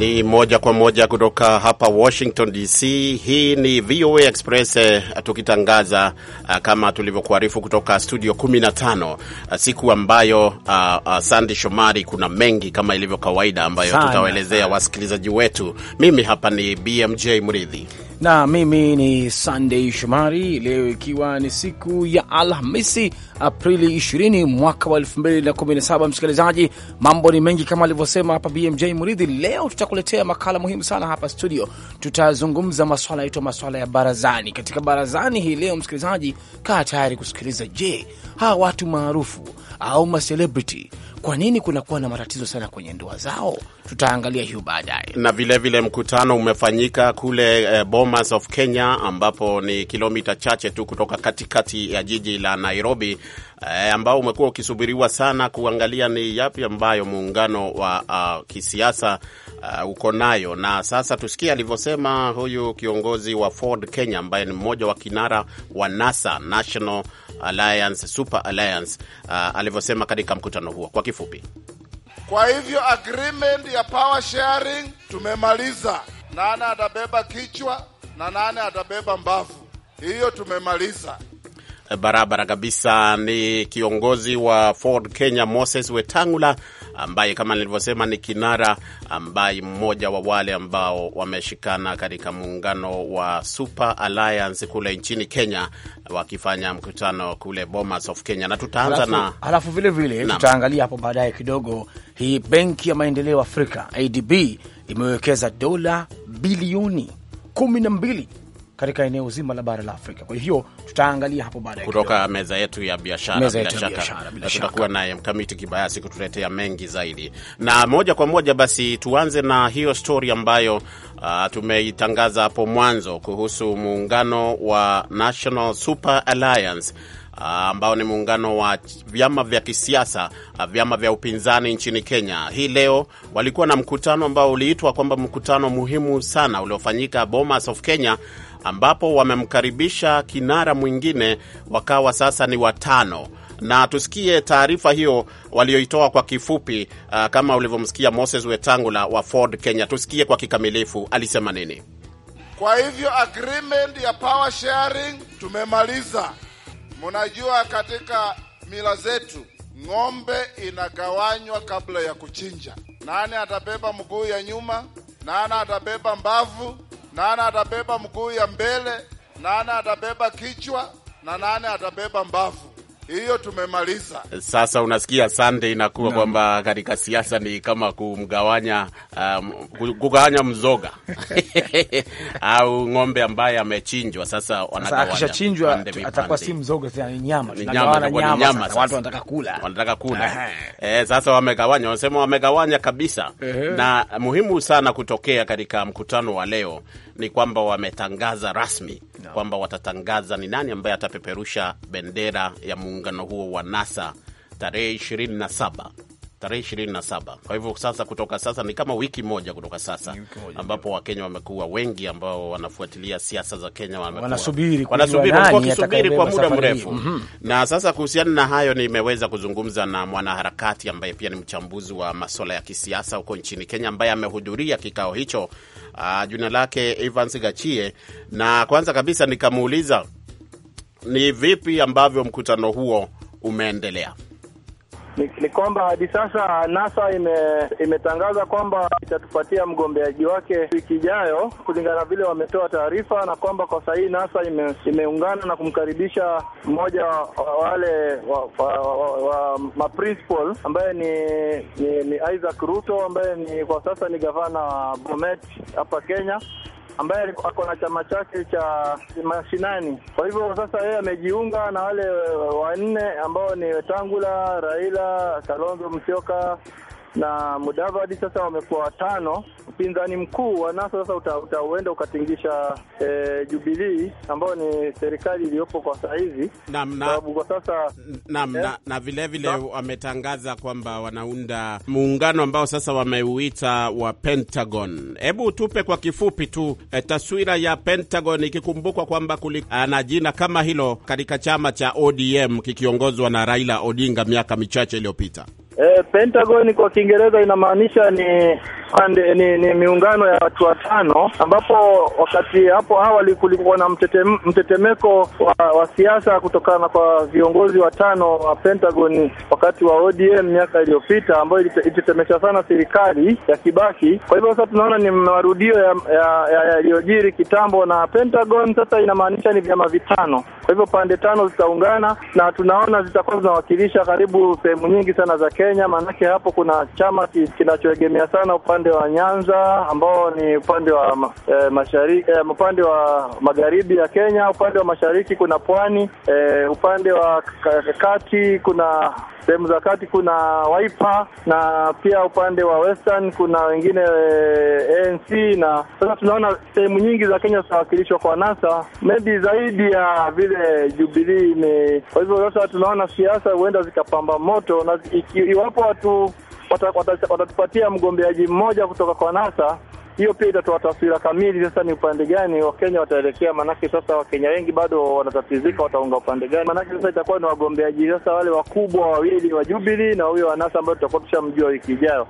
Ni moja kwa moja kutoka hapa Washington DC. Hii ni VOA Express eh, tukitangaza eh, kama tulivyokuarifu kutoka studio 15, eh, siku ambayo uh, uh, Sandi Shomari, kuna mengi kama ilivyo kawaida ambayo tutawaelezea wasikilizaji wetu. Mimi hapa ni BMJ Mridhi na mimi ni Sunday Shomari. Leo ikiwa ni siku ya Alhamisi, Aprili 20 mwaka wa 2017, msikilizaji, mambo ni mengi kama alivyosema hapa BMJ Muridhi. Leo tutakuletea makala muhimu sana hapa studio, tutazungumza maswala yaitwa maswala ya barazani. Katika barazani hii leo, msikilizaji, kaa tayari kusikiliza. Je, hawa watu maarufu au macelebrity kwa nini kunakuwa na matatizo sana kwenye ndoa zao? Tutaangalia hiyo baadaye, na vilevile vile mkutano umefanyika kule eh, Bomas of Kenya, ambapo ni kilomita chache tu kutoka katikati ya jiji la Nairobi eh, ambao umekuwa ukisubiriwa sana kuangalia ni yapi ambayo muungano wa uh, kisiasa uh, uko nayo. Na sasa tusikie alivyosema huyu kiongozi wa Ford Kenya ambaye ni mmoja wa kinara wa NASA National Alliance, Super Alliance, uh, alivyosema katika mkutano huo kwa kifupi. Kwa hivyo agreement ya power sharing tumemaliza. Nane atabeba kichwa na nane atabeba mbavu, hiyo tumemaliza barabara kabisa. Ni kiongozi wa Ford Kenya Moses Wetangula ambaye kama nilivyosema ni kinara ambaye mmoja wa wale ambao wameshikana katika muungano wa Super Alliance kule nchini Kenya wakifanya mkutano kule Bomas of Kenya, na tutaanza halafu, na halafu vile vile tutaangalia hapo baadaye kidogo hii benki ya maendeleo Afrika ADB imewekeza dola bilioni kumi na mbili katika eneo zima la bara la Afrika. Kwa hiyo tutaangalia hapo baadaye kutoka meza yetu ya biashara, bila shaka tutakuwa naye Mkamiti Kibayasi kutuletea mengi zaidi. Na moja kwa moja basi tuanze na hiyo stori ambayo uh, tumeitangaza hapo mwanzo kuhusu muungano wa National Super Alliance uh, ambao ni muungano wa vyama vya kisiasa, uh, vyama vya upinzani nchini Kenya. Hii leo walikuwa na mkutano ambao uliitwa kwamba mkutano muhimu sana uliofanyika Bomas of Kenya ambapo wamemkaribisha kinara mwingine, wakawa sasa ni watano na tusikie taarifa hiyo walioitoa kwa kifupi. Uh, kama ulivyomsikia Moses Wetangula wa Ford Kenya, tusikie kwa kikamilifu alisema nini. Kwa hivyo agreement ya power sharing tumemaliza. Mnajua katika mila zetu ng'ombe inagawanywa kabla ya kuchinja. Nani atabeba mguu ya nyuma, nani atabeba mbavu nane atabeba mguu ya mbele, nane atabeba kichwa na nane atabeba mbavu hiyo tumemaliza. Sasa unasikia sande inakuwa kwamba katika siasa ni kama kumgawanya um, kugawanya mzoga au ng'ombe ambaye amechinjwa. Sasa wanagawanya, akishachinjwa atakuwa si mzoga tena, ni nyama, tunagawana nyama, watu wanataka kula, wanataka kula eh. Sasa wamegawanya, wanasema wamegawanya kabisa, na muhimu sana kutokea katika mkutano wa leo ni kwamba wametangaza rasmi no. kwamba watatangaza ni nani ambaye atapeperusha bendera ya muungano huo wa NASA tarehe 27 tarehe saba. Kwa hivyo sasa, kutoka sasa ni kama wiki moja kutoka sasa, ambapo Wakenya wamekuwa wengi ambao wanafuatilia siasa za Kenya wanasubiri wanasubiri kwa muda mrefu mm -hmm. Na sasa kuhusiana na hayo, nimeweza kuzungumza na mwanaharakati ambaye pia ni mchambuzi wa maswala ya kisiasa huko nchini Kenya ambaye amehudhuria kikao hicho. Uh, jina lake Evans Gachie, na kwanza kabisa nikamuuliza ni vipi ambavyo mkutano huo umeendelea ni, ni kwamba hadi sasa NASA ime, imetangaza kwamba itatupatia mgombeaji wake wiki ijayo kulingana na vile wametoa taarifa, na kwamba kwa sahii NASA ime, imeungana na kumkaribisha mmoja wa wale wa, wa, wa, wa maprincipal ambaye ni, ni, ni Isaac Ruto ambaye ni kwa sasa ni gavana wa Bomet hapa Kenya ambaye ako na chama chake cha mashinani. Kwa hivyo sasa yeye amejiunga na wale eh, wanne ambao ni Wetangula, Raila, Kalonzo Musyoka na Mudavadi sasa wamekuwa watano. Upinzani mkuu wa NASA sasa uta, utauenda ukatingisha e, Jubilii ambayo ni serikali iliyopo kwa sahizi, sababu kwa sasa nam, eh, na, na vile vile wametangaza kwamba wanaunda muungano ambao sasa wameuita wa Pentagon. Hebu tupe kwa kifupi tu e, taswira ya Pentagon ikikumbukwa kwamba e, na jina kama hilo katika chama cha ODM kikiongozwa na Raila Odinga miaka michache iliyopita. E, Pentagon kwa Kiingereza inamaanisha ni, ni ni miungano ya watu watano, ambapo wakati hapo awali kulikuwa na mtete, mtetemeko wa, wa siasa kutokana kwa viongozi watano wa Pentagon wakati wa ODM miaka iliyopita, ambayo ilitetemesha sana serikali ya Kibaki. Kwa hivyo sasa tunaona ni marudio yaliyojiri ya, ya, ya kitambo na Pentagon sasa inamaanisha ni vyama vitano. Kwa hivyo pande tano zitaungana na tunaona zitakuwa zinawakilisha karibu sehemu nyingi sana za Kenya. Kenya, maanake hapo kuna chama kinachoegemea sana upande wa Nyanza ambao ni upande wa e, mashariki e, upande wa magharibi ya Kenya, upande wa mashariki kuna pwani e, upande wa kati kuna sehemu za kati kuna Wiper na pia upande wa Western kuna wengine eh, ANC, na sasa tunaona sehemu nyingi za Kenya zinawakilishwa kwa NASA maybe zaidi ya vile Jubilee ni Kwa hivyo sasa tunaona siasa huenda zikapamba moto, na iwapo watu watatupatia mgombeaji mmoja kutoka kwa NASA hiyo pia itatoa taswira kamili, sasa ni upande gani Wakenya wataelekea. Maanake sasa Wakenya wengi bado wanatatizika, wataunga upande gani? Maanake sasa itakuwa ni wagombeaji sasa wale wakubwa wawili wa jubili na huyo NASA ambayo tutakuwa tushamjua wiki ijayo.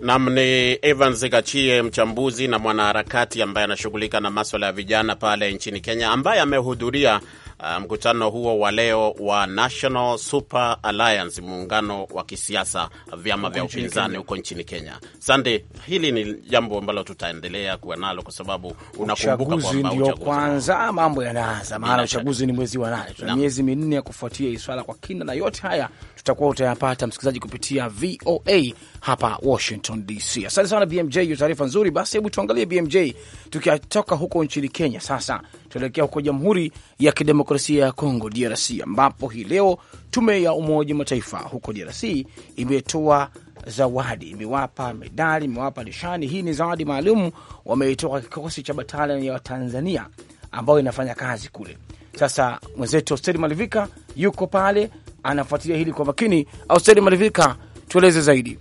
Nam ni Evans Gachie, mchambuzi na mwanaharakati ambaye anashughulika na maswala ya vijana pale nchini Kenya, ambaye amehudhuria Ah, mkutano huo wa leo wa National Super Alliance, muungano wa kisiasa vyama vya upinzani huko nchini Kenya. Sande, hili ni jambo ambalo tutaendelea kuwa nalo kwa sababu unakumbuka kwamba ndio kwanza mambo yanaanza, maana uchaguzi ni mwezi wa nane. Tuna miezi minne ya kufuatia hii swala kwa kina, na yote haya tutakuwa utayapata msikilizaji kupitia VOA hapa Washington DC. Asante sana BMJ, hiyo taarifa nzuri. Basi hebu tuangalie BMJ, tukitoka huko nchini Kenya sasa tuelekea huko Jamhuri ya Kidemokrasia ya Kongo, DRC, ambapo hii leo tume ya Umoja Mataifa huko DRC imetoa zawadi, imewapa medali, imewapa nishani. Hii ni zawadi maalum wameitoa kikosi cha batala ya Watanzania ambayo inafanya kazi kule. Sasa mwenzetu Austeri Malivika yuko pale anafuatilia hili kwa makini. Austeri Malivika, tueleze zaidi.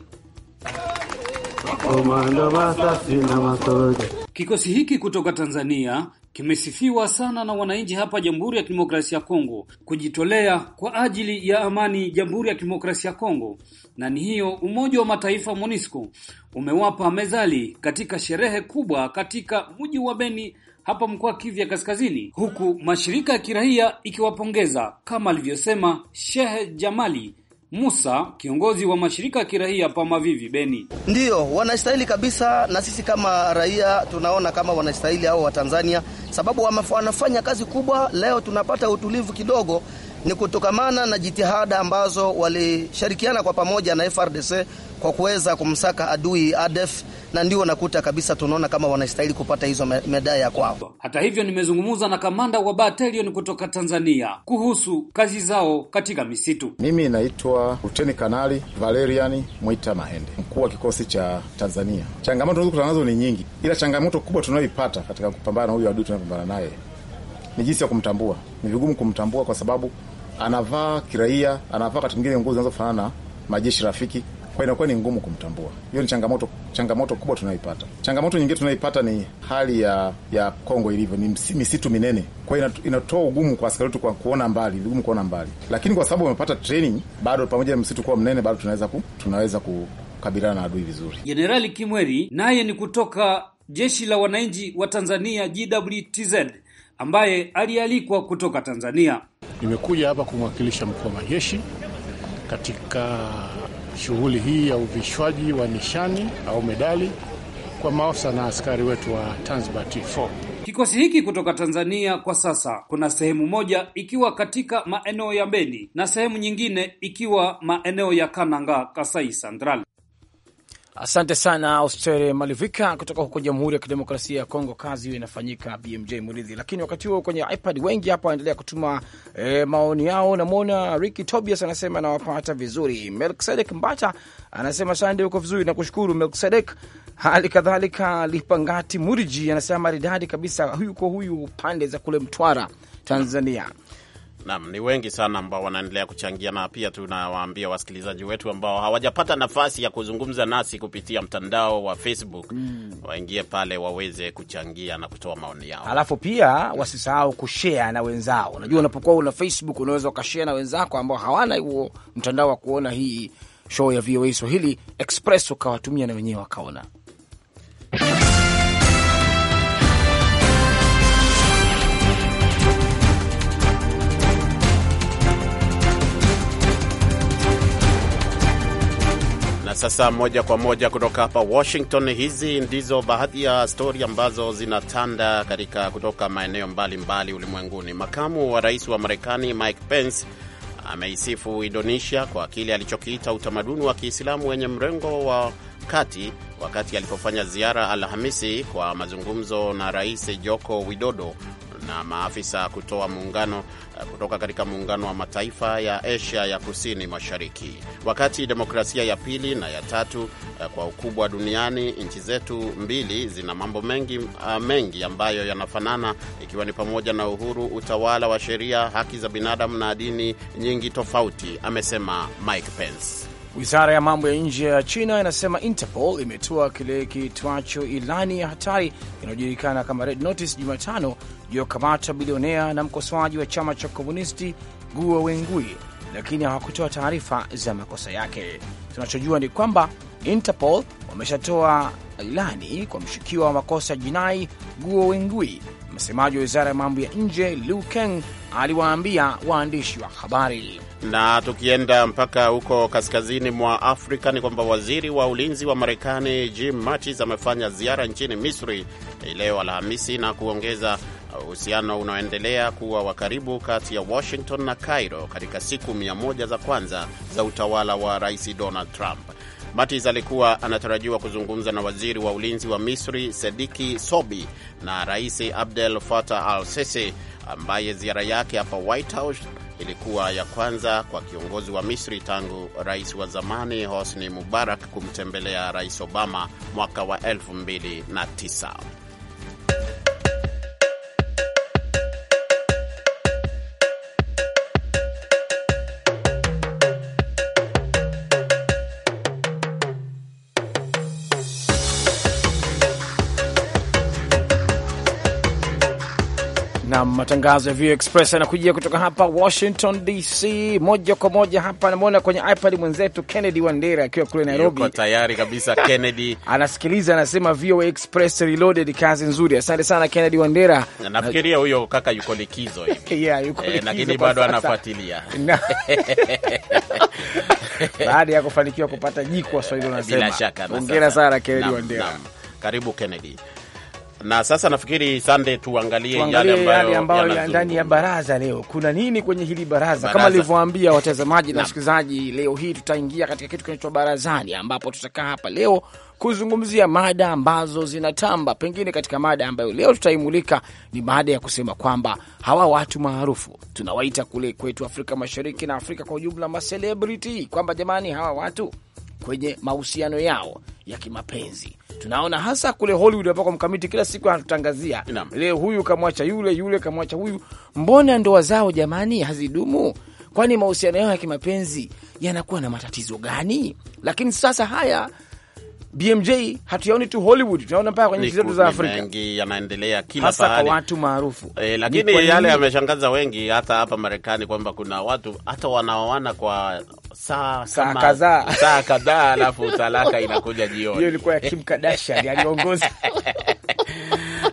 Kikosi hiki kutoka Tanzania kimesifiwa sana na wananchi hapa Jamhuri ya Kidemokrasia ya Kongo kujitolea kwa ajili ya amani Jamhuri ya Kidemokrasia ya Kongo, na ni hiyo Umoja wa Mataifa MONUSCO umewapa mezali katika sherehe kubwa katika mji wa Beni hapa mkoa Kivu ya Kaskazini, huku mashirika ya kiraia ikiwapongeza kama alivyosema Shehe Jamali Musa, kiongozi wa mashirika ya kiraia Mavivi Beni. Ndiyo, wanastahili kabisa, na sisi kama raia tunaona kama wanastahili hao Watanzania, sababu wanafanya kazi kubwa. Leo tunapata utulivu kidogo ni kutokamana na jitihada ambazo walishirikiana kwa pamoja na FRDC kwa kuweza kumsaka adui ADF, na ndio nakuta kabisa tunaona kama wanastahili kupata hizo medaya kwao. Hata hivyo, nimezungumza na kamanda wa batalion kutoka Tanzania kuhusu kazi zao katika misitu. Mimi naitwa Luteni Kanali Valerian Mwita Mahende, mkuu wa kikosi cha Tanzania. Changamoto tunazokutana nazo ni nyingi, ila changamoto kubwa tunayoipata katika kupambana na huyu adui tunayopambana naye ni jinsi ya kumtambua. Ni vigumu kumtambua kwa sababu anavaa kiraia, anavaa kati mwingine nguo zinazofanana na majeshi rafiki, kwa inakuwa ni ngumu kumtambua. Hiyo ni changamoto, changamoto kubwa tunayoipata. Changamoto nyingine tunayoipata ni hali ya ya Kongo ilivyo, ni misitu minene, kwa inatoa ugumu kwa askari wetu kwa kuona mbali, ugumu kuona mbali, lakini kwa sababu wamepata training, bado pamoja na msitu kuwa mnene, bado tunaweza ku, tunaweza kukabiliana na adui vizuri. Jenerali Kimweri naye ni kutoka jeshi la wananchi wa Tanzania JWTZ ambaye alialikwa kutoka Tanzania. Nimekuja hapa kumwakilisha mkuu wa majeshi katika shughuli hii ya uvishwaji wa nishani au medali kwa maafisa na askari wetu wa Tanzbar T4. Kikosi hiki kutoka Tanzania kwa sasa kuna sehemu moja ikiwa katika maeneo ya Beni na sehemu nyingine ikiwa maeneo ya Kananga Kasai Central. Asante sana Austere Malivika kutoka huko Jamhuri ya Kidemokrasia ya Kongo. Kazi hiyo inafanyika BMJ Muridhi, lakini wakati huo kwenye iPad wengi hapa wanaendelea kutuma e, maoni yao. Namwona Riki Tobias anasema anawapata vizuri. Melkisedek Mbata anasema sande, uko vizuri na kushukuru Melkisedek. Hali kadhalika Lipangati Muriji anasema maridadi kabisa, yuko huyu pande za kule Mtwara, Tanzania. Naam, ni wengi sana ambao wanaendelea kuchangia, na pia tunawaambia wasikilizaji wetu ambao hawajapata nafasi ya kuzungumza nasi kupitia mtandao wa Facebook mm, waingie pale waweze kuchangia na kutoa maoni yao, alafu pia wasisahau kushare na wenzao. Unajua, unapokuwa una Facebook unaweza ukashare na wenzako ambao hawana huo mtandao wa kuona hii show ya VOA Swahili Express, ukawatumia na wenyewe wakaona Sasa moja kwa moja kutoka hapa Washington, hizi ndizo baadhi ya stori ambazo zinatanda katika kutoka maeneo mbalimbali ulimwenguni. Makamu wa rais wa Marekani Mike Pence ameisifu Indonesia kwa kile alichokiita utamaduni wa Kiislamu wenye mrengo wa kati wakati alipofanya ziara Alhamisi kwa mazungumzo na Rais Joko Widodo na maafisa kutoa muungano Eh, kutoka katika muungano wa mataifa ya Asia ya kusini mashariki. Wakati demokrasia ya pili na ya tatu eh, kwa ukubwa duniani, nchi zetu mbili zina mambo mengi eh, mengi ambayo yanafanana, ikiwa ni pamoja na uhuru, utawala wa sheria, haki za binadamu na dini nyingi tofauti, amesema Mike Pence. Wizara ya mambo ya nje ya China inasema Interpol imetoa kile kitwacho ilani ya hatari inayojulikana kama red notice Jumatano juu ya bilionea na mkosoaji wa chama cha komunisti Guo Wengui, lakini hawakutoa taarifa za makosa yake. Tunachojua ni kwamba Interpol wameshatoa ilani kwa mshukiwa wa makosa ya jinai Guo Wengui. Msemaji wa wizara ya mambo ya nje Lu Keng aliwaambia waandishi wa habari. Na tukienda mpaka huko kaskazini mwa Afrika ni kwamba waziri wa ulinzi wa Marekani Jim Mattis amefanya ziara nchini Misri leo Alhamisi na kuongeza uhusiano unaoendelea kuwa wa karibu kati ya Washington na Cairo katika siku mia moja za kwanza za utawala wa Rais Donald Trump matis alikuwa anatarajiwa kuzungumza na waziri wa ulinzi wa Misri Sediki Sobi na Rais Abdel Fattah al Sisi ambaye ziara yake hapa White House ilikuwa ya kwanza kwa kiongozi wa Misri tangu rais wa zamani Hosni Mubarak kumtembelea Rais Obama mwaka wa 2009. Matangazo ya VOA Express yanakujia kutoka hapa Washington DC moja kwa moja. Hapa namwona kwenye iPad mwenzetu Kennedy Wandera akiwa kule Nairobi, yuko tayari kabisa Kennedy anasikiliza, anasema VOA Express Reloaded, kazi nzuri. Asante sana Kennedy Wandera. Nafikiria huyo kaka yuko likizo hivi yeah, yuko eh, likizo lakini eh, bado anafuatilia baada ya kufanikiwa kupata jiko, Swahili. wanasema. Bila shaka, hongera sana Kennedy Wandera. Karibu Kennedy. Na sasa nafikiri Sande, tuangalie yale ambayo ya ndani ya baraza leo. Kuna nini kwenye hili baraza, baraza. Kama alivyoambia watazamaji na wasikilizaji, leo hii tutaingia katika kitu kinachoitwa barazani, ambapo tutakaa hapa leo kuzungumzia mada ambazo zinatamba. Pengine katika mada ambayo leo tutaimulika ni baada ya kusema kwamba hawa watu maarufu tunawaita kule kwetu Afrika Mashariki na Afrika kwa ujumla, macelebrity, kwamba jamani, hawa watu kwenye mahusiano yao ya kimapenzi. Tunaona hasa kule Hollywood ambako mkamiti kila siku anatutangazia leo huyu kamwacha yule, yule kamwacha huyu. Mbona ndoa zao jamani hazidumu? Kwani mahusiano yao ya kimapenzi yanakuwa na matatizo gani? Lakini sasa haya BMJ hatuyaoni tu Hollywood, tunaona mpaka kwenye nchi zetu za Afrika mengi yanaendelea kila pahali, hasa kwa watu maarufu e, lakini yale yameshangaza wengi hata hapa Marekani kwamba kuna watu hata wanaoana kwa saa saa kadhaa saa kadhaa, alafu talaka inakuja jioni. Hiyo ilikuwa ya Kim Kardashian aliongoza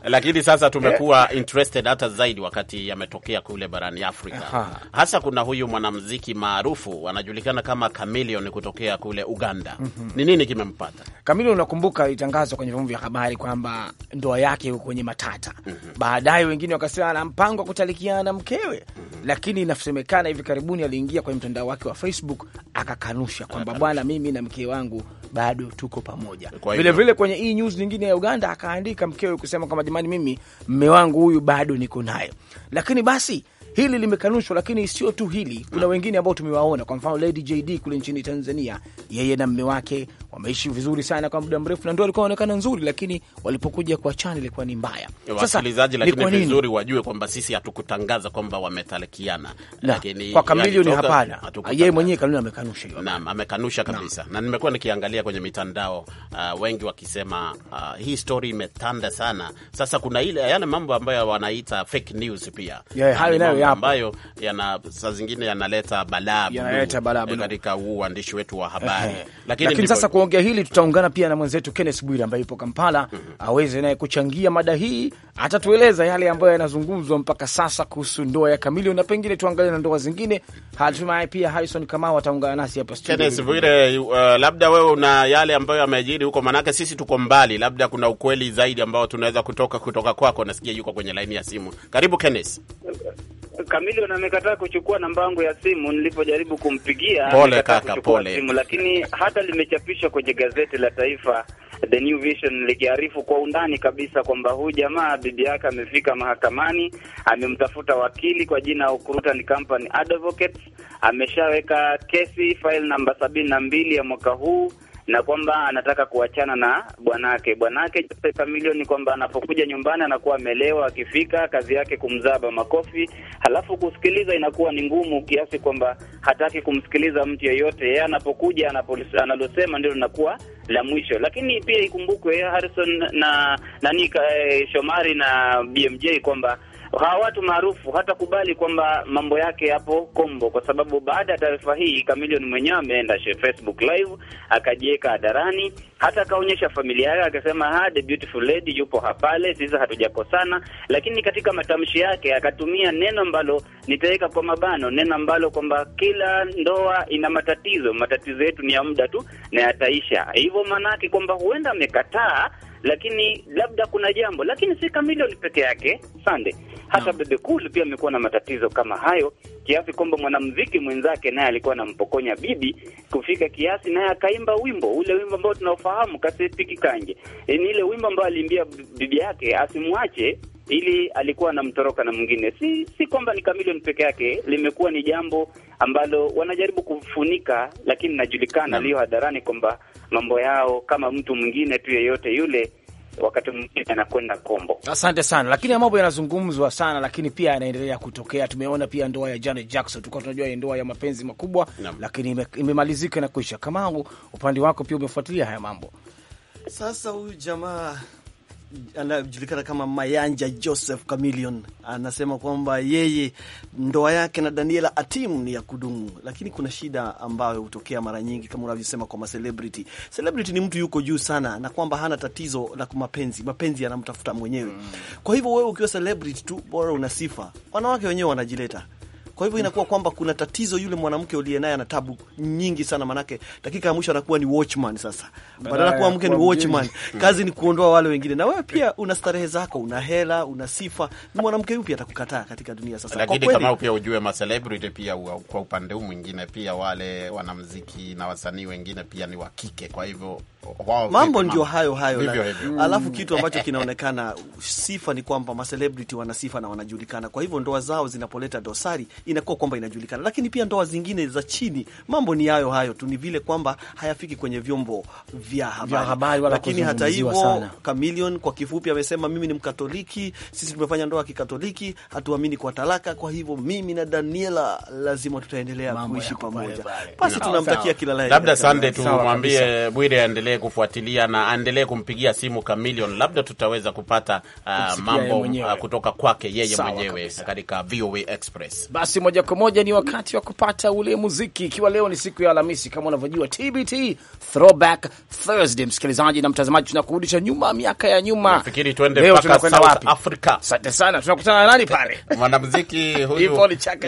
lakini sasa tumekuwa yeah. interested hata zaidi wakati yametokea kule barani Afrika, hasa kuna huyu mwanamuziki maarufu anajulikana kama Chameleone kutokea kule Uganda. mm -hmm. Ni nini kimempata Chameleone? Unakumbuka ilitangazwa kwenye vyombo vya habari kwamba ndoa yake iko kwenye matata mm -hmm. Baadaye wengine wakasema ana mpango wa kutalikiana na mkewe mm -hmm. Lakini inasemekana hivi karibuni aliingia kwenye mtandao wake wa Facebook akakanusha kwamba bwana, mimi na mke wangu bado tuko pamoja. Vilevile kwenye e news nyingine ya Uganda akaandika mkewe kusema kwamba jamani, mimi mme wangu huyu bado niko naye, lakini basi hili limekanushwa, lakini sio tu hili, kuna wengine ambao tumewaona. Kwa mfano Lady JD kule nchini Tanzania, yeye na mme wake wameishi vizuri sana kwa muda mrefu, na ndio alikuwa anaonekana nzuri, lakini walipokuja kwa chani ilikuwa ni mbaya. E, wasikilizaji, lakini vizuri wajue kwamba sisi hatukutangaza kwamba wametalikiana, lakini kwa Kamilioni hapana, yeye mwenyewe kanuni amekanusha hiyo. Naam, amekanusha kabisa, na nimekuwa nikiangalia kwenye mitandao uh, wengi wakisema uh, hii story imetanda sana. Sasa kuna ile yale mambo ambayo wanaita fake news pia, yeah, hayo yaani nayo ambayo yana saa zingine yanaleta balaa eh, katika huu uandishi wetu wa habari uh -huh. Lakini, lakini sasa kuongea hili tutaungana pia na mwenzetu Kenneth Bwire ambaye yupo Kampala mm -hmm. aweze naye kuchangia mada hii, atatueleza yale ambayo yanazungumzwa mpaka sasa kuhusu ndoa ya Kamili na pengine tuangalie na ndoa zingine. Hatimaye pia Harrison Kamau ataungana nasi hapa studio. Kenneth Bwire, uh, labda wewe una yale ambayo yamejiri huko, manake sisi tuko mbali, labda kuna ukweli zaidi ambao tunaweza kutoka kutoka kwako. Nasikia yuko kwenye laini ya simu. Karibu Kenneth. Kamilion amekataa kuchukua namba yangu ya simu nilipojaribu kumpigia. Pole kaka, pole. Simu, lakini hata limechapishwa kwenye gazeti la Taifa The New Vision likiarifu kwa undani kabisa kwamba huyu jamaa bibi yake amefika mahakamani, amemtafuta wakili kwa jina ni Company Advocates, ameshaweka kesi file namba sabini na mbili ya mwaka huu na kwamba anataka kuachana na bwanake. Bwanake Joseph Chameleone kwamba anapokuja nyumbani anakuwa amelewa, akifika kazi yake kumzaba makofi, halafu kusikiliza inakuwa ni ngumu kiasi kwamba hataki kumsikiliza mtu yeyote. Yeye anapokuja analosema ndio linakuwa la mwisho. Lakini pia ikumbukwe Harrison na nani, eh, Shomari na BMJ kwamba hawa watu maarufu hatakubali kwamba mambo yake yapo kombo, kwa sababu baada ya taarifa hii Kamilion mwenyewe ameenda Facebook live akajiweka hadharani, hata akaonyesha familia yake akasema, ha ah, the beautiful lady yupo hapale, sisi hatujakosana. Lakini katika matamshi yake akatumia neno ambalo nitaweka kwa mabano, neno ambalo kwamba kila ndoa ina matatizo, matatizo yetu ni ya muda tu na yataisha. Hivyo maanake kwamba huenda amekataa, lakini labda kuna jambo, lakini si Kamilion peke yake. Sande. Hata Bebe Cool pia amekuwa na matatizo kama hayo, kiasi kwamba mwanamuziki mwenzake naye alikuwa anampokonya bibi, kufika kiasi naye akaimba wimbo ule wimbo ambao tunaofahamu kaseti kikanje, eh, ni ile wimbo ambao aliimbia bibi yake asimwache ili alikuwa anamtoroka na mwingine. Si si kwamba ni Chameleone peke yake, limekuwa ni jambo ambalo wanajaribu kufunika, lakini najulikana liyo hadharani kwamba mambo yao kama mtu mwingine tu yeyote yule wakati mwingine anakwenda Kombo. Asante sana, lakini mambo yanazungumzwa sana, lakini pia yanaendelea kutokea. Tumeona pia ndoa ya Janet Jackson, tulikuwa tunajua ndoa ya mapenzi makubwa Nam. lakini imemalizika ime na kuisha. Kamau, upande wako pia umefuatilia haya mambo. Sasa huyu jamaa anajulikana kama Mayanja Joseph Chameleon anasema kwamba yeye ndoa yake na Daniela Atim ni ya kudumu, lakini kuna shida ambayo hutokea mara nyingi kama unavyosema kwa celebrity, celebrity ni mtu yuko juu sana, na kwamba hana tatizo la mapenzi, mapenzi yanamtafuta mwenyewe. Mm. Kwa hivyo wewe ukiwa celebrity tu, bora una sifa, wanawake wenyewe wanajileta kwa hivyo inakuwa kwamba kuna tatizo, yule mwanamke uliye naye ana tabu nyingi sana, manake dakika ya mwisho anakuwa ni watchman. Sasa badala kuwa mke ni watchman, hmm. kazi ni kuondoa wale wengine. Na wewe pia una starehe zako, una hela, una sifa, ni mwanamke yupi atakukataa katika dunia sasa? Lakini kama pia ujue ma celebrity pia kwa upande huu mwingine, pia wale wanamuziki na wasanii wengine pia ni wa kike, kwa hivyo Wow, mambo ndio hayo hayo hivyo, Alafu kitu ambacho kinaonekana sifa ni kwamba macelebrity wana sifa na wanajulikana, kwa hivyo ndoa zao zinapoleta dosari inakuwa kwamba inajulikana. Lakini pia ndoa zingine za chini, mambo ni hayo hayo tu, ni vile kwamba hayafiki kwenye vyombo vya habari. Lakini hata hivyo, Chameleone kwa kifupi amesema, mimi ni Mkatoliki, sisi tumefanya ndoa Kikatoliki, hatuamini kwa talaka, kwa hivyo mimi na Daniela lazima tutaendelea kuishi pamoja. Basi tunamtakia kila la labda Sande, tumwambie Bwire aendelee kufuatilia na aendelee kumpigia simu Chameleone, labda tutaweza kupata uh, mambo uh, kutoka kwake yeye mwenyewe katika VOA Express basi basi moja kwa moja ni wakati wa kupata ule muziki, ikiwa leo ni siku ya Alhamisi kama unavyojua TBT Throwback Thursday. Msikilizaji na mtazamaji, tunakurudisha nyuma, miaka ya nyuma. Nafikiri tuende mpaka South Africa. Asante sana, tunakutana na nani pale? Mwanamuziki huyu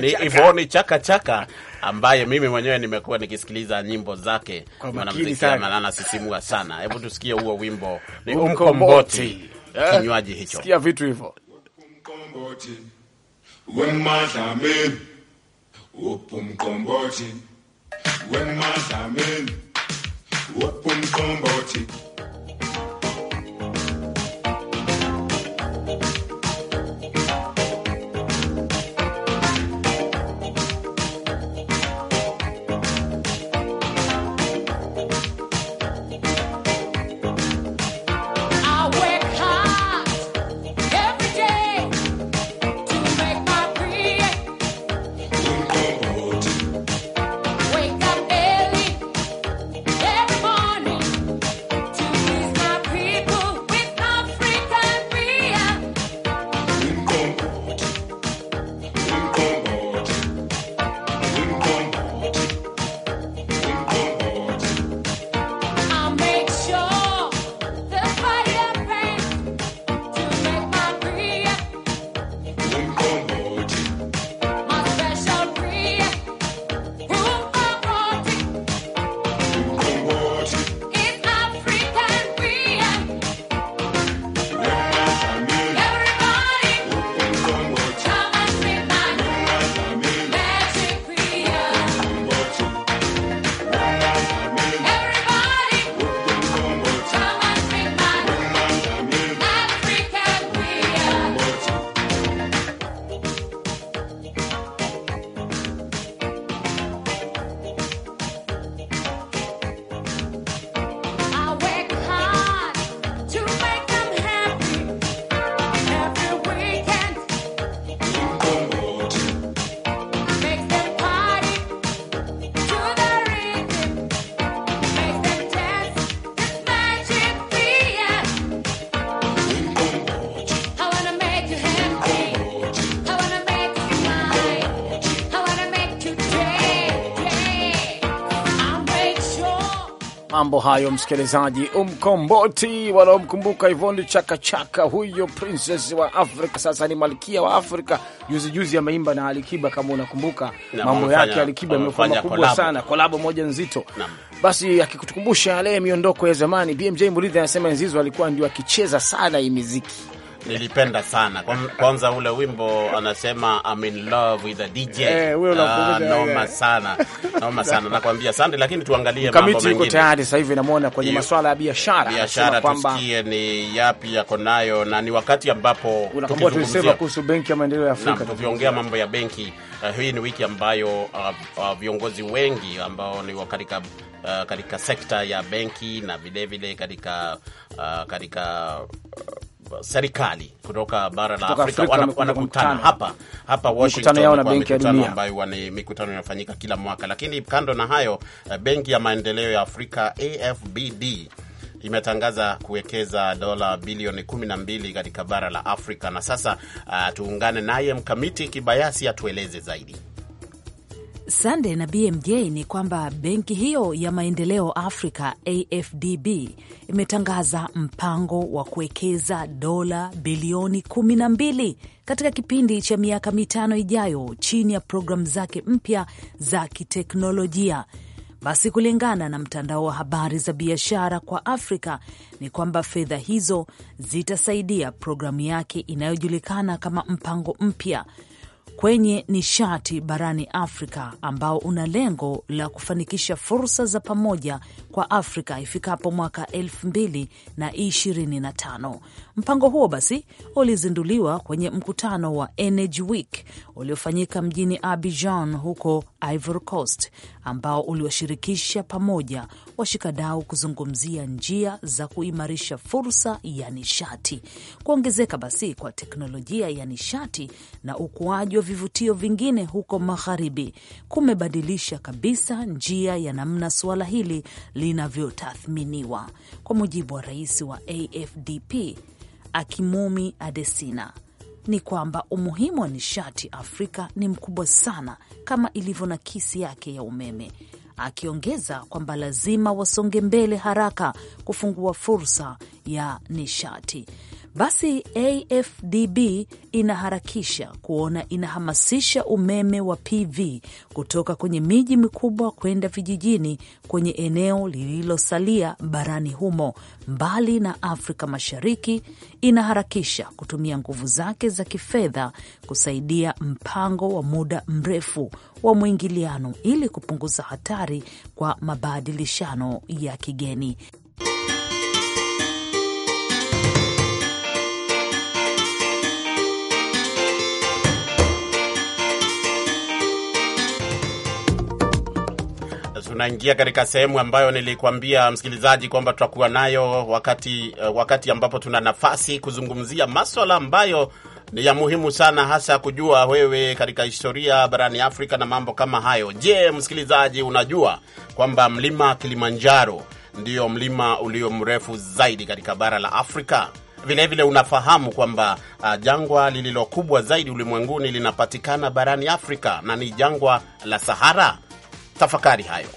ni Ivoni Chaka Chaka ambaye mimi mwenyewe nimekuwa nikisikiliza nyimbo zake. Mwanamuziki ananasisimua sana. Hebu tusikie huo wimbo ni Umkomboti, eh? kinywaji hicho. Sikia vitu hivyo. Umkomboti When my When my umqombothi in, wopha converting. mambo hayo, msikilizaji umkomboti wanaomkumbuka Chaka Chakachaka, huyo princess wa Afrika, sasa ni malkia wa Afrika. Juzi juzi ameimba na Alikiba, kama unakumbuka mambo yake. Alikiba amekuwa makubwa sana, kolabo moja nzito na. Basi akikutukumbusha yale miondoko ya zamani, BMJ Muridhi anasema nzizo alikuwa ndio akicheza sana hii miziki nilipenda sana kwanza ule wimbo anasema I'm in love with a DJ. Eh, uh, noma sana noma sana nakwambia, sande. Lakini tuangalie mambo mengine, yuko tayari sasa hivi namuona kwenye masuala ya biashara, biashara tusikie ni yapi yako nayo, na ni wakati ambapo tulisema kuhusu benki ya maendeleo ya Afrika, tukiongea mambo ya benki uh, hii ni wiki ambayo uh, uh, viongozi wengi ambao ni katika uh, katika sekta ya benki na vilevile katika uh, katika uh, serikali kutoka bara la Afrika, Afrika wanakutana hapa hapa Washington yao na Benki ya Dunia ambayo ni mikutano inafanyika kila mwaka. Lakini kando na hayo, eh, Benki ya Maendeleo ya Afrika AFBD imetangaza kuwekeza dola bilioni 12 katika bara la Afrika. Na sasa uh, tuungane naye mkamiti Kibayasi atueleze zaidi. Sande na BMJ ni kwamba benki hiyo ya maendeleo Afrika AFDB imetangaza mpango wa kuwekeza dola bilioni 12 katika kipindi cha miaka mitano ijayo chini ya programu zake mpya za kiteknolojia. Basi kulingana na mtandao wa habari za biashara kwa Afrika ni kwamba fedha hizo zitasaidia programu yake inayojulikana kama mpango mpya kwenye nishati barani Afrika ambao una lengo la kufanikisha fursa za pamoja kwa Afrika ifikapo mwaka elfu mbili na ishirini na tano. Mpango huo basi ulizinduliwa kwenye mkutano wa Energy Week uliofanyika mjini Abidjan huko Ivory Coast, ambao uliwashirikisha pamoja washikadau kuzungumzia njia za kuimarisha fursa ya nishati, kuongezeka basi kwa teknolojia ya nishati na ukuaji wa vivutio vingine huko magharibi kumebadilisha kabisa njia ya namna suala hili linavyotathminiwa, kwa mujibu wa rais wa AFDP Akimumi Adesina ni kwamba umuhimu wa nishati Afrika ni mkubwa sana kama ilivyo na kisi yake ya umeme akiongeza kwamba lazima wasonge mbele haraka kufungua fursa ya nishati. Basi AFDB inaharakisha kuona inahamasisha umeme wa PV kutoka kwenye miji mikubwa kwenda vijijini kwenye eneo lililosalia barani humo mbali na Afrika Mashariki. Inaharakisha kutumia nguvu zake za kifedha kusaidia mpango wa muda mrefu wa mwingiliano ili kupunguza hatari kwa mabadilishano ya kigeni. tunaingia katika sehemu ambayo nilikwambia msikilizaji kwamba tutakuwa nayo wakati, eh, wakati ambapo tuna nafasi kuzungumzia maswala ambayo ni ya muhimu sana, hasa kujua wewe katika historia barani Afrika na mambo kama hayo. Je, msikilizaji, unajua kwamba mlima Kilimanjaro ndiyo mlima ulio mrefu zaidi katika bara la Afrika? Vilevile unafahamu kwamba uh, jangwa lililo kubwa zaidi ulimwenguni linapatikana barani Afrika na ni jangwa la Sahara. Tafakari hayo.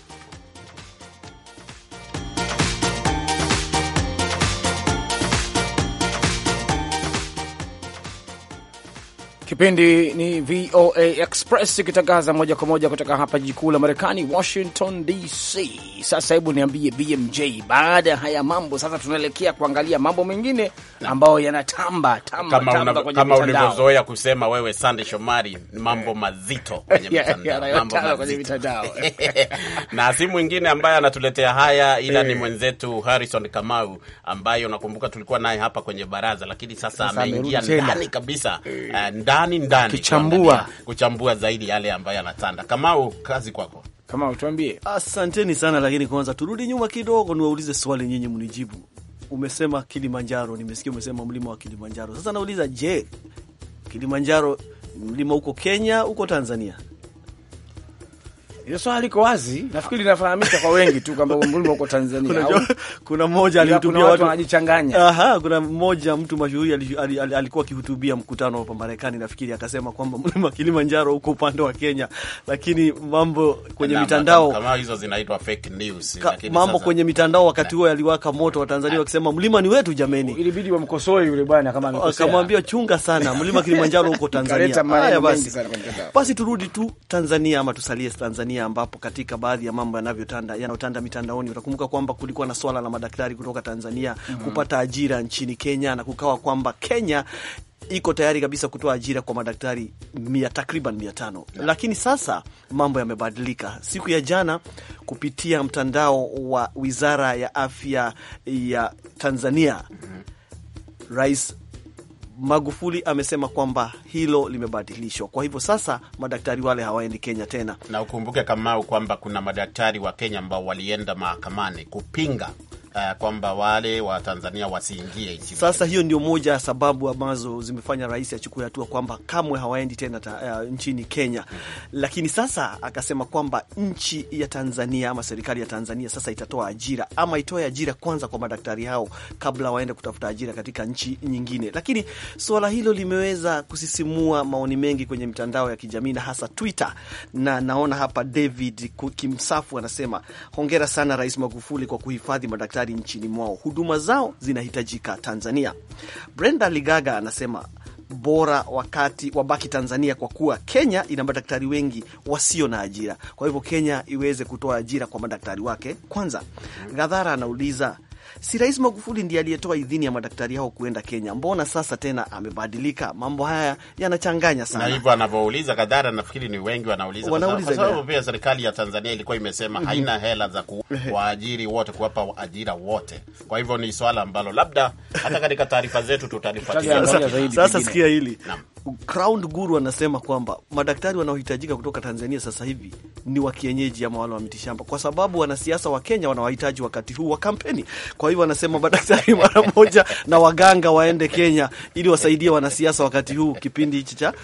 Kipindi ni VOA Express ikitangaza moja kwa moja kutoka hapa jiji kuu la Marekani, Washington DC. Sasa hebu niambie BMJ, baada ya haya mambo sasa tunaelekea kuangalia mambo mengine ambayo yanatamba tamba kama, tamba kama ulivyozoea kusema wewe Sande Shomari, mambo mazito kwenye mitandao na si mwingine ambaye anatuletea haya ila ni eh. mwenzetu Harrison Kamau, ambaye unakumbuka tulikuwa naye hapa kwenye baraza, lakini sasa ameingia ndani kabisa uh, ndani ndani, kuchambua kuchambua zaidi yale ambayo yanatanda. Kamau, kazi kwako. Kama utuambie. Asanteni sana, lakini kwanza turudi nyuma kidogo, niwaulize swali nyinyi mnijibu. Umesema Kilimanjaro, nimesikia umesema mlima wa Kilimanjaro. Sasa nauliza, je, Kilimanjaro mlima uko Kenya, uko Tanzania? Hilo swala liko wazi, nafikiri linafahamika kwa wengi tu kwamba umri uko Tanzania. kuna, kuna mmoja alihutubia watu wanajichanganya. Aha, kuna mmoja mtu mashuhuri alikuwa akihutubia mkutano hapa Marekani, nafikiri akasema kwamba mlima Kilimanjaro uko upande wa Kenya, lakini mambo kwenye na, mitandao kama hizo zinaitwa fake news, lakini mambo sasa, kwenye mitandao wakati huo yaliwaka moto, Watanzania ah. wakisema mlima ni wetu jameni, ilibidi wamkosoe yule bwana kama amekosea, akamwambia chunga sana mlima Kilimanjaro uko Tanzania. Haya basi, basi turudi tu Tanzania ama tusalie Tanzania Tanzania, ambapo katika baadhi ya mambo yanayotanda yanayotanda mitandaoni, utakumbuka kwamba kulikuwa na swala la madaktari kutoka Tanzania mm -hmm. kupata ajira nchini Kenya na kukawa kwamba Kenya iko tayari kabisa kutoa ajira kwa madaktari mia takriban mia tano yeah. Lakini sasa mambo yamebadilika. Siku ya jana, kupitia mtandao wa wizara ya afya ya Tanzania mm -hmm. Rais Magufuli amesema kwamba hilo limebadilishwa, kwa hivyo sasa madaktari wale hawaendi Kenya tena. Na ukumbuke Kamau kwamba kuna madaktari wa Kenya ambao walienda mahakamani kupinga uh, kwamba wale wa Tanzania wasiingie nchi. Sasa hiyo ndio moja ya sababu ambazo zimefanya rais achukue hatua kwamba kamwe hawaendi tena ta, uh, nchini Kenya mm -hmm. Lakini sasa akasema kwamba nchi ya Tanzania ama serikali ya Tanzania sasa itatoa ajira ama itoe ajira kwanza kwa madaktari hao kabla waende kutafuta ajira katika nchi nyingine. Lakini suala hilo limeweza kusisimua maoni mengi kwenye mitandao ya kijamii na hasa Twitter, na naona hapa David Kimsafu anasema hongera sana Rais Magufuli kwa kuhifadhi madaktari madaktari nchini mwao, huduma zao zinahitajika Tanzania. Brenda Ligaga anasema bora wakati wabaki Tanzania kwa kuwa Kenya ina madaktari wengi wasio na ajira, kwa hivyo Kenya iweze kutoa ajira kwa madaktari wake kwanza. Gadhara anauliza Si Rais Magufuli ndiye aliyetoa idhini ya madaktari hao kuenda Kenya? Mbona sasa tena amebadilika? Mambo haya yanachanganya sana, na hivyo anavyouliza Kadhara, nafikiri ni wengi wanauliza, kwa sababu pia serikali ya Tanzania ilikuwa imesema mhm. haina hela za kuwaajiri wote, kuwapa ajira wote. Kwa hivyo ni swala ambalo labda hata katika taarifa zetu tutalifuatilia. Sasa sikia hili Crown Guru anasema kwamba madaktari wanaohitajika kutoka Tanzania sasa hivi ni wa kienyeji ama wale wa mitishamba, kwa sababu wanasiasa wa Kenya wanawahitaji wakati huu wa kampeni. Kwa hivyo anasema madaktari mara moja na waganga waende Kenya ili wasaidie wanasiasa wakati huu kipindi hichi cha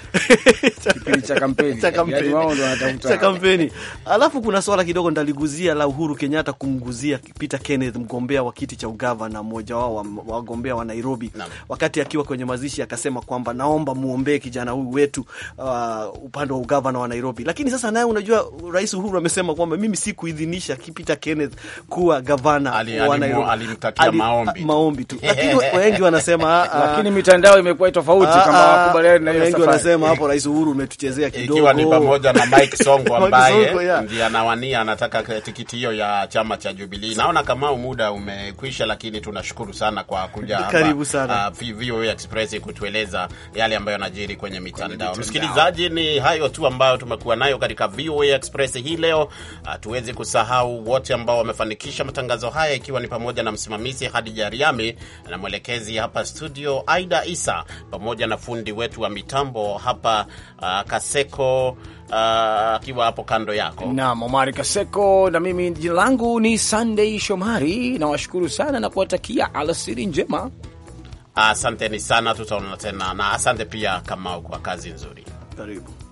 yaani cha kampeni Alafu kuna swala kidogo ndaliguzia la Uhuru Kenyatta kumguzia Peter Kenneth, mgombea wa kiti cha ugavana, mmoja wao wagombea wa Nairobi, wakati akiwa kwenye mazishi akasema kwamba naomba muombe tuombee kijana huyu wetu uh, upande wa ugavana wa Nairobi. Lakini sasa naye, unajua Rais Uhuru amesema kwamba mimi sikuidhinisha Peter Kenneth kuwa gavana ali, wa Nairobi, alimtakia maombi, maombi tu lakini wengi wanasema uh, lakini mitandao imekuwa tofauti uh, kama uh, wakubaliani na hiyo Wengi wanasema hapo Rais Uhuru umetuchezea kidogo, ikiwa ni pamoja na Mike Songo ambaye ndiye anawania anataka tikiti hiyo ya chama cha Jubilee. Naona kama muda umekwisha, lakini tunashukuru sana kwa kuja hapa. Karibu sana uh, VOA Express kutueleza yale ambayo na yanayojiri kwenye mitandao. Msikilizaji, ni hayo tu ambayo tumekuwa nayo katika VOA Express hii leo. Hatuwezi kusahau wote ambao wamefanikisha matangazo haya, ikiwa ni pamoja na msimamizi Hadija Riami na mwelekezi hapa studio Aida Isa, pamoja na fundi wetu wa mitambo hapa uh, Kaseko uh, akiwa uh, hapo kando yako nam Omari Kaseko, na mimi jina langu ni Sunday Shomari. Nawashukuru sana na kuwatakia alasiri njema. Asanteni sana, tutaonana tena na asante pia Kamau kwa kazi nzuri. Karibu.